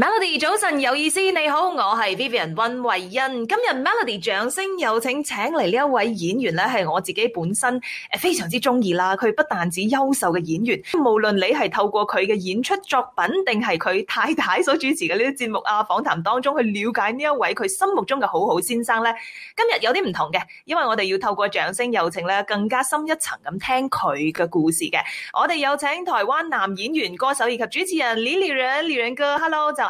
Melody 早晨有意思，你好，我係 Vivian 溫慧欣。今日 Melody 掌聲有請，請嚟呢一位演員咧，係我自己本身誒非常之中意啦。佢不但止優秀嘅演員，無論你係透過佢嘅演出作品，定係佢太太所主持嘅呢啲節目啊、訪談當中去了解呢一位佢心目中嘅好好先生咧。今日有啲唔同嘅，因為我哋要透過掌聲有請咧，更加深一層咁聽佢嘅故事嘅。我哋有請台灣男演員、歌手以及主持人李李仁，李仁哥，Hello 就。